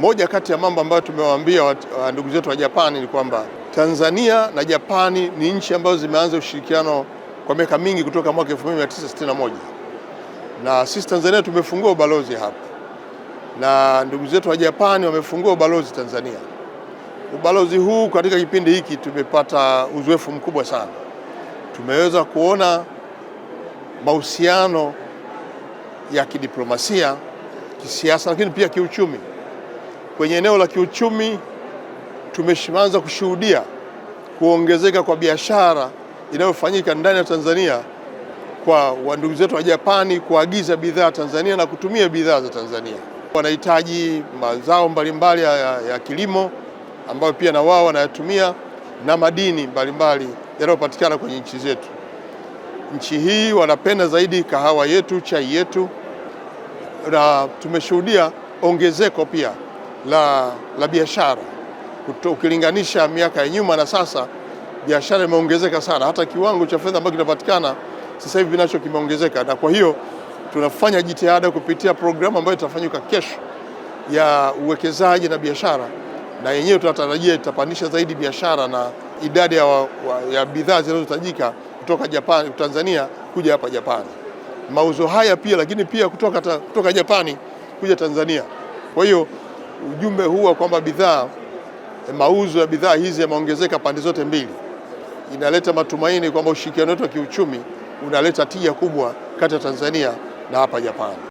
Moja kati ya mambo ambayo tumewaambia uh, ndugu zetu wa Japani ni kwamba Tanzania na Japani ni nchi ambazo zimeanza ushirikiano kwa miaka mingi kutoka mwaka 1961 na sisi Tanzania tumefungua ubalozi hapa na ndugu zetu wa Japani wamefungua ubalozi Tanzania. Ubalozi huu katika kipindi hiki tumepata uzoefu mkubwa sana, tumeweza kuona mahusiano ya kidiplomasia, kisiasa, lakini pia kiuchumi. Kwenye eneo la kiuchumi tumeanza kushuhudia kuongezeka kwa biashara inayofanyika ndani ya Tanzania kwa wandugu zetu wa Japani kuagiza bidhaa Tanzania na kutumia bidhaa za Tanzania. Wanahitaji mazao mbalimbali ya, ya kilimo ambayo pia na wao wanayatumia na madini mbalimbali yanayopatikana kwenye nchi zetu. Nchi hii wanapenda zaidi kahawa yetu, chai yetu na tumeshuhudia ongezeko pia la, la biashara. Ukilinganisha miaka ya nyuma na sasa, biashara imeongezeka sana, hata kiwango cha fedha ambacho kinapatikana sasa hivi nacho kimeongezeka, na kwa hiyo tunafanya jitihada kupitia programu ambayo itafanyika kesho ya uwekezaji na biashara, na yenyewe tunatarajia itapandisha zaidi biashara na idadi ya, ya bidhaa zinazohitajika kutoka Japan, Tanzania kuja hapa Japani, mauzo haya pia lakini pia kutoka, kutoka Japani kuja Tanzania. Kwa hiyo ujumbe huo kwamba bidhaa mauzo ya bidhaa hizi yameongezeka pande zote mbili, inaleta matumaini kwamba ushirikiano wetu wa kiuchumi unaleta tija kubwa kati ya Tanzania na hapa Japani.